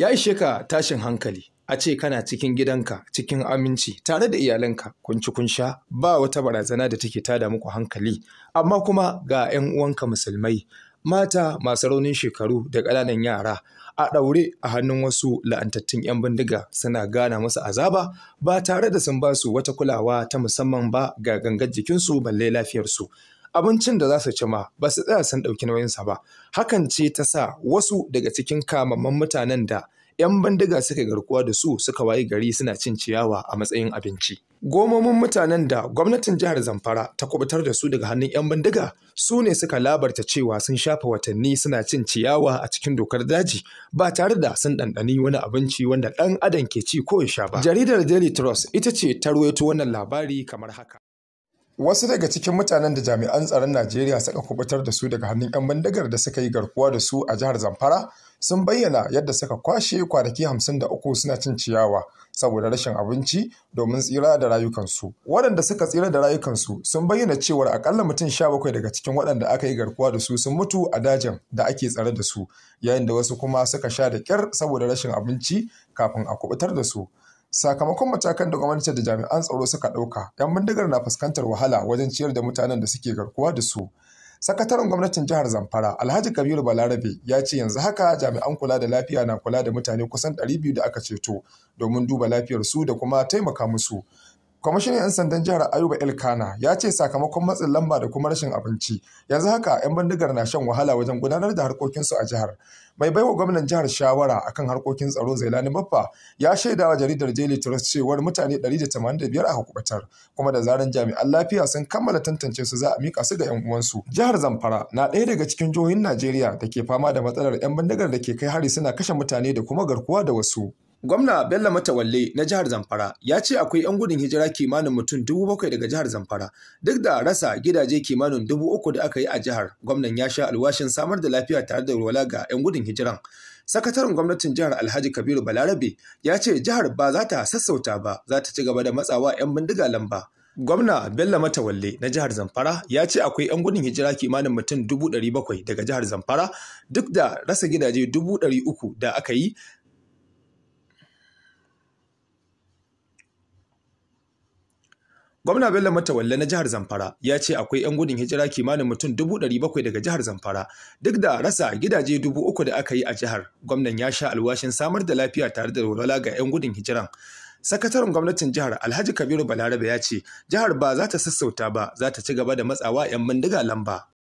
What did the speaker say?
ya ishe ka tashin hankali a ce kana cikin gidanka cikin aminci tare da iyalanka kun ci kun sha ba wata barazana da take tada muku hankali amma kuma ga 'yan uwanka musulmai mata masu raunin shekaru da ƙananan yara a ɗaure a hannun wasu la'antattun 'yan bindiga suna gana musu azaba ba tare da sun ba su wata kulawa ta musamman ba ga gangar jikinsu balle lafiyarsu abincin da za su ci ma ba su tsaya sun ɗauki nauyinsa ba hakan ce ta sa wasu daga cikin kamamman mutanen da 'yan bandiga suka garkuwa da su suka wayi gari suna cin ciyawa a matsayin abinci. Gomomin mutanen da gwamnatin jihar Zamfara ta kubutar da su daga hannun 'yan bandiga su ne suka labarta cewa sun shafa watanni suna cin ciyawa a cikin dokar daji ba tare da sun ɗanɗani wani abinci wanda ɗan adam ke ci ko ya sha ba. Jaridar Daily Trust ita ce ta ruwaito wannan labari kamar haka. wasu daga cikin mutanen da jami'an tsaron najeriya suka kubutar da su daga hannun 'yan bindigar da suka yi garkuwa da su a jihar zamfara sun bayyana yadda suka kwashe kwanaki hamsin da uku suna cin ciyawa saboda rashin abinci domin tsira da rayukansu waɗanda suka tsira da rayukansu sun bayyana cewar akalla mutum sha bakwai daga cikin waɗanda aka yi garkuwa da su sun mutu a dajin da ake tsare da su yayin da wasu kuma suka sha da ƙyar saboda rashin abinci kafin a kubutar da su sakamakon matakan da gwamnati da jami'an tsaro suka ɗauka yan bindigar na fuskantar wahala wajen ciyar da mutanen da suke garkuwa da su sakataren gwamnatin jihar zamfara alhaji kabiru balarabe ya ce yanzu haka jami'an kula da lafiya na kula da mutane kusan 200 da aka ceto domin duba lafiyar su da kuma taimaka musu kwamishinan 'yan sandan jihar ayuba elkana ya ce sakamakon matsin lamba da kuma rashin abinci yanzu haka 'yan bindigar na shan wahala wajen gudanar da harkokinsu a jihar mai baiwa gwamnan jihar shawara akan harkokin tsaro zailani baffa ya shaida wa jaridar daily trust cewar mutane 185 a hukubatar kuma da zaran jami'an lafiya sun kammala tantance su za a mika su ga 'yan uwansu jihar zamfara na ɗaya daga cikin jihohin najeriya da ke fama da matsalar 'yan bindigar da ke kai hari suna kashe mutane da kuma garkuwa da wasu Gwamna Bello Matawalle na jihar Zamfara ya ce akwai 'yan gudun hijira kimanin mutum dubu bakwai daga jihar Zamfara duk da rasa gidaje kimanin dubu uku da aka yi a jihar. Gwamnan ya sha alwashin samar da lafiya tare da walwala ga 'yan gudun hijiran. Sakataren gwamnatin jihar Alhaji Kabiru Balarabe ya ce jihar ba za ta sassauta ba za ta ci gaba da matsawa 'yan bindiga lamba. Gwamna Bello Matawalle na jihar Zamfara ya ce akwai 'yan gudun hijira kimanin mutum dubu ɗari bakwai daga jihar Zamfara duk da rasa gidaje dubu ɗari uku da aka yi Gwamna Bello Matawalle na jihar Zamfara ya ce akwai 'yan gudun hijira kimanin mutum bakwai daga jihar Zamfara duk da rasa gidaje dubu uku da aka yi a jihar. Gwamnan ya sha alwashin samar da lafiya tare da walwala ga 'yan gudun hijiran. Sakataren gwamnatin jihar Alhaji Kabiru Balarabe ya ce jihar ba za ta sassauta ba za ta ci gaba da matsawa 'yan bindiga lamba.